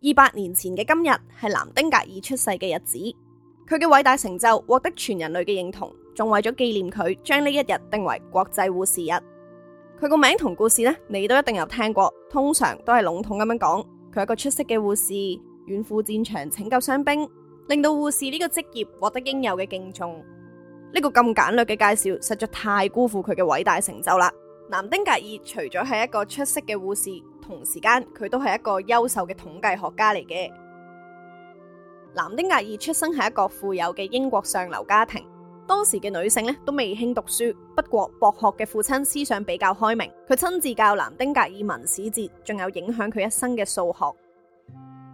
二百年前嘅今日係南丁格爾出世嘅日子，佢嘅偉大成就獲得全人類嘅認同，仲為咗紀念佢，將呢一日定為國際護士日。佢個名同故事呢，你都一定有聽過，通常都係籠統咁樣講，佢係一個出色嘅護士，遠赴戰場拯救傷兵，令到護士呢個職業獲得應有嘅敬重。呢個咁簡略嘅介紹，實在太辜負佢嘅偉大成就啦。南丁格爾除咗係一個出色嘅護士。同時間，佢都係一個優秀嘅統計學家嚟嘅。南丁格爾出生喺一個富有嘅英國上流家庭，當時嘅女性呢都未興讀書，不過博學嘅父親思想比較開明，佢親自教南丁格爾文史哲，仲有影響佢一生嘅數學、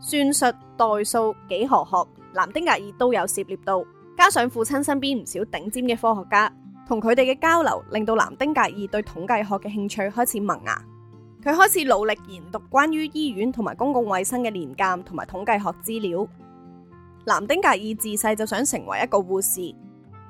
算術、代數、幾何學，南丁格爾都有涉獵到。加上父親身邊唔少頂尖嘅科學家，同佢哋嘅交流，令到南丁格爾對統計學嘅興趣開始萌芽。佢開始努力研讀關於醫院同埋公共衛生嘅年鑑同埋統計學資料。南丁格爾自細就想成為一個護士，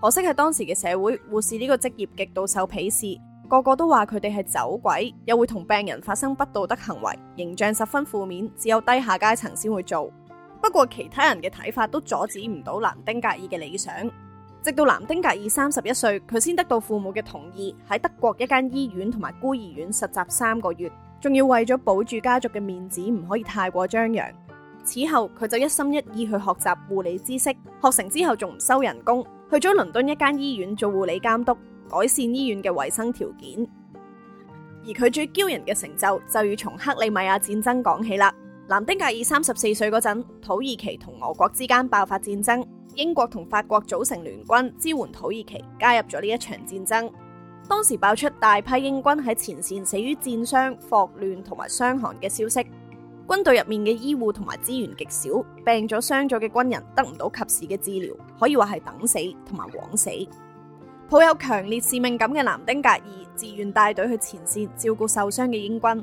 可惜喺當時嘅社會，護士呢個職業極度受鄙視，個個都話佢哋係走鬼，又會同病人發生不道德行為，形象十分負面，只有低下階層先會做。不過其他人嘅睇法都阻止唔到南丁格爾嘅理想。直到南丁格爾三十一歲，佢先得到父母嘅同意，喺德國一間醫院同埋孤兒院實習三個月。仲要為咗保住家族嘅面子，唔可以太過張揚。此後佢就一心一意去學習護理知識，學成之後仲唔收人工，去咗倫敦一間醫院做護理監督，改善醫院嘅衛生條件。而佢最驕人嘅成就，就要從克里米亞戰爭講起啦。南丁格爾三十四歲嗰陣，土耳其同俄國之間爆發戰爭，英國同法國組成聯軍支援土耳其，加入咗呢一場戰爭。當時爆出大批英軍喺前線死於戰傷、霍亂同埋傷寒嘅消息，軍隊入面嘅醫護同埋資源極少，病咗傷咗嘅軍人得唔到及時嘅治療，可以話係等死同埋枉死。抱有強烈使命感嘅南丁格爾自願帶隊去前線照顧受傷嘅英軍。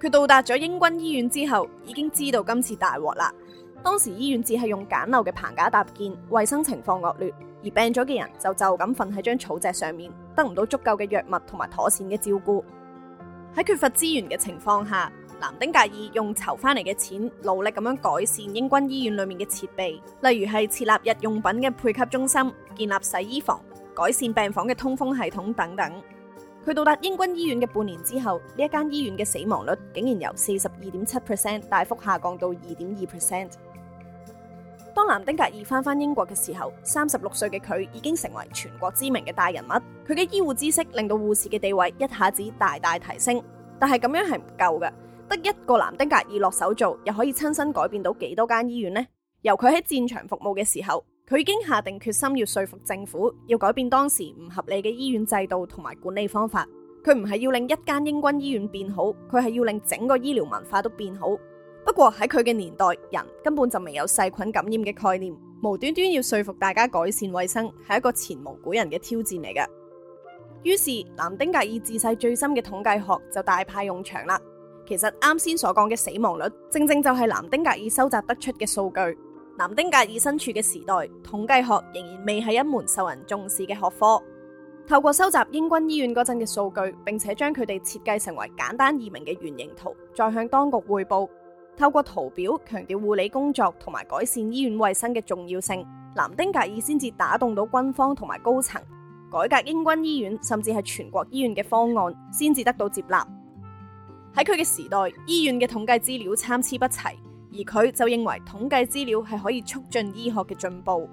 佢到達咗英軍醫院之後，已經知道今次大鑊啦。當時醫院只係用簡陋嘅棚架搭建，衛生情況惡劣。而病咗嘅人就就咁瞓喺張草席上面，得唔到足夠嘅藥物同埋妥善嘅照顧。喺缺乏資源嘅情況下，南丁格爾用籌翻嚟嘅錢，努力咁樣改善英軍醫院裏面嘅設備，例如係設立日用品嘅配給中心、建立洗衣房、改善病房嘅通風系統等等。佢到達英軍醫院嘅半年之後，呢一間醫院嘅死亡率竟然由四十二點七 percent 大幅下降到二點二 percent。當南丁格爾翻返英國嘅時候，三十六歲嘅佢已經成為全國知名嘅大人物。佢嘅醫護知識令到護士嘅地位一下子大大提升。但係咁樣係唔夠嘅，得一個南丁格爾落手做，又可以親身改變到幾多間醫院呢？由佢喺戰場服務嘅時候，佢已經下定決心要說服政府要改變當時唔合理嘅醫院制度同埋管理方法。佢唔係要令一間英軍醫院變好，佢係要令整個醫療文化都變好。不過喺佢嘅年代，人根本就未有細菌感染嘅概念，無端端要說服大家改善衛生，係一個前無古人嘅挑戰嚟嘅。於是，南丁格爾自細最深嘅統計學就大派用場啦。其實啱先所講嘅死亡率，正正就係南丁格爾收集得出嘅數據。南丁格爾身處嘅時代，統計學仍然未係一門受人重視嘅學科。透過收集英軍醫院嗰陣嘅數據，並且將佢哋設計成為簡單易明嘅圓形圖，再向當局匯報。透過圖表強調護理工作同埋改善醫院衛生嘅重要性，南丁格爾先至打動到軍方同埋高層，改革英軍醫院，甚至係全國醫院嘅方案，先至得到接納。喺佢嘅時代，醫院嘅統計資料參差不齊，而佢就認為統計資料係可以促進醫學嘅進步。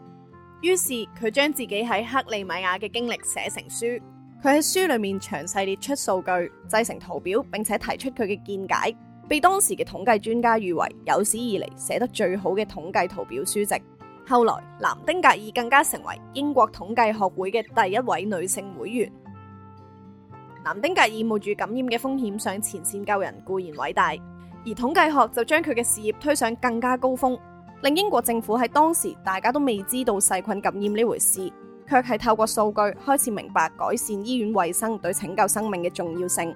於是佢將自己喺克里米亞嘅經歷寫成書，佢喺書裏面詳細列出數據，製成圖表，並且提出佢嘅見解。被當時嘅統計專家譽為有史以嚟寫得最好嘅統計圖表書籍。後來，南丁格爾更加成為英國統計學會嘅第一位女性會員。南丁格爾冒住感染嘅風險上前線救人固然偉大，而統計學就將佢嘅事業推上更加高峰，令英國政府喺當時大家都未知道細菌感染呢回事，卻係透過數據開始明白改善醫院衞生對拯救生命嘅重要性。